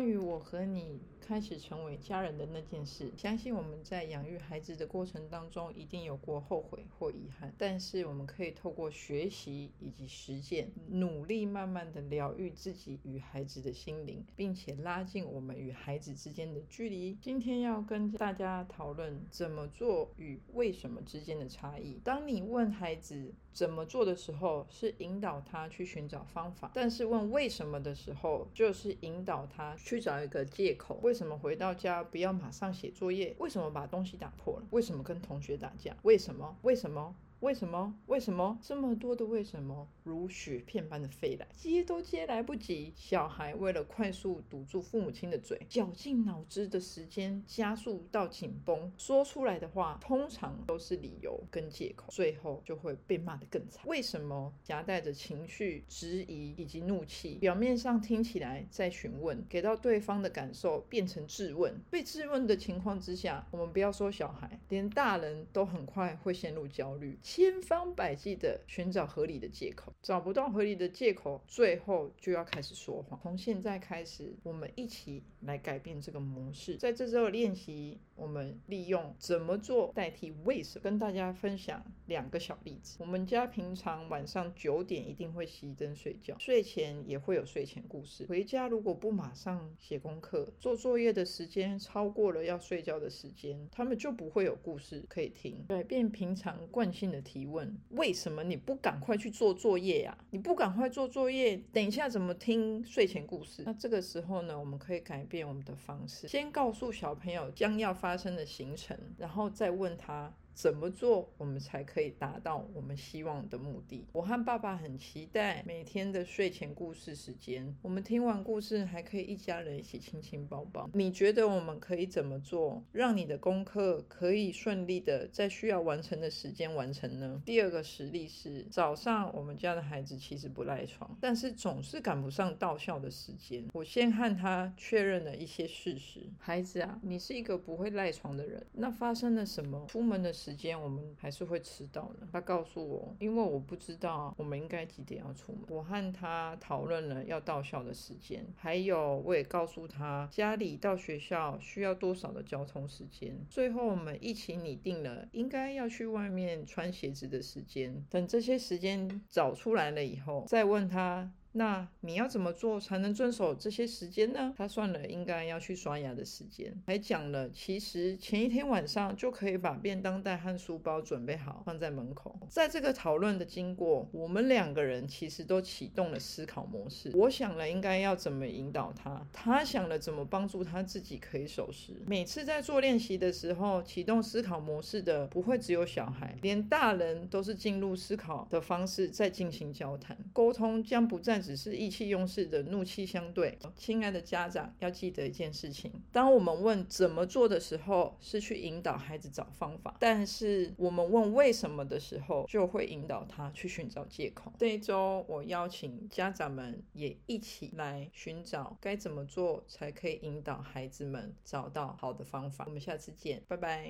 關於我和你。開始成為家人的那件事，相信我們在養育孩子的過程當中，一定有過後悔或遺憾。但是我們可以透過學習以及實踐，努力慢慢的療癒自己與孩子的心靈，並且拉近我們與孩子之間的距離。今天要跟大家討論怎麼做與為什麼之間的差異。當你問孩子怎麼做的時候，是引導他去尋找方法；但是問為什麼的時候，就是引導他去找一個借口。為什麼回到家不要馬上寫作業？為什麼把東西打破了？為什麼跟同學打架？為什麼？為什麼？為什麼？為什麼？這麼多的為什麼，如雪片般的飛來，接都接來不及。小孩為了快速堵住父母親的嘴，絞盡腦汁的時間加速到緊繃，說出來的話通常都是理由跟借口，最後就會被罵得更慘。為什麼夾帶着情緒、質疑以及怒氣，表面上聽起來在詢問，給到對方的感受變成質問。被質問的情況之下，我們不要說小孩，連大人都很快會陷入焦慮，千方百計的尋找合理的借口。找不到合理的借口，最後就要開始說謊。從現在開始，我們一起來改變這個模式。在這之後練習，我們利用怎麼做代替為什麼，跟大家分享。兩個小例子，我們家平常晚上九點一定會熄燈睡覺，睡前也會有睡前故事。回家如果不馬上寫功課，做作業的時間超過了要睡覺的時間，他們就不會有故事可以聽。改變平常慣性的提問：“為什麼你不趕快去做作業呀、啊？你不趕快做作業，等一下怎麼聽睡前故事？”那這個時候呢，我們可以改變我們的方式，先告訴小朋友將要發生的行程，然後再問他。怎麼做，我們才可以達到我們希望的目的？我和爸爸很期待每天的睡前故事時間。我們聽完故事，還可以一家人一起親親抱抱。你覺得我們可以怎麼做，讓你的功課可以順利的在需要完成的時間完成呢？第二個實例是早上，我們家的孩子其實不賴床，但是總是趕不上到校的時間。我先和他確認了一些事實：孩子啊，你是一個不會賴床的人。那發生了什麼？出門的時時間我們還是會遲到呢？他告訴我，因為我不知道我們應該幾點要出門。我和他討論了要到校的時間，還有我也告訴他家裡到學校需要多少的交通時間。最後我們一起擬定了應該要去外面穿鞋子的時間。等這些時間找出來了以後，再問他。那你要怎麼做才能遵守這些時間呢？他算了應該要去刷牙的時間，還講了其實前一天晚上就可以把便當袋和書包準備好放在門口。在這個討論的經過，我們兩個人其實都啟動了思考模式。我想了應該要怎麼引導他，他想了怎麼幫助他自己可以守時。每次在做練習的時候，啟動思考模式的不會只有小孩，連大人都是進入思考的方式在進行交談溝通，將不再。只是意氣用事的怒氣相對，親愛的家長要記得一件事情：當我們問怎麼做的時候，是去引導孩子找方法；但是我們問為什麼的時候，就會引導他去尋找借口。這一週我邀請家長們也一起來尋找該怎麼做，才可以引導孩子們找到好的方法。我們下次見，拜拜。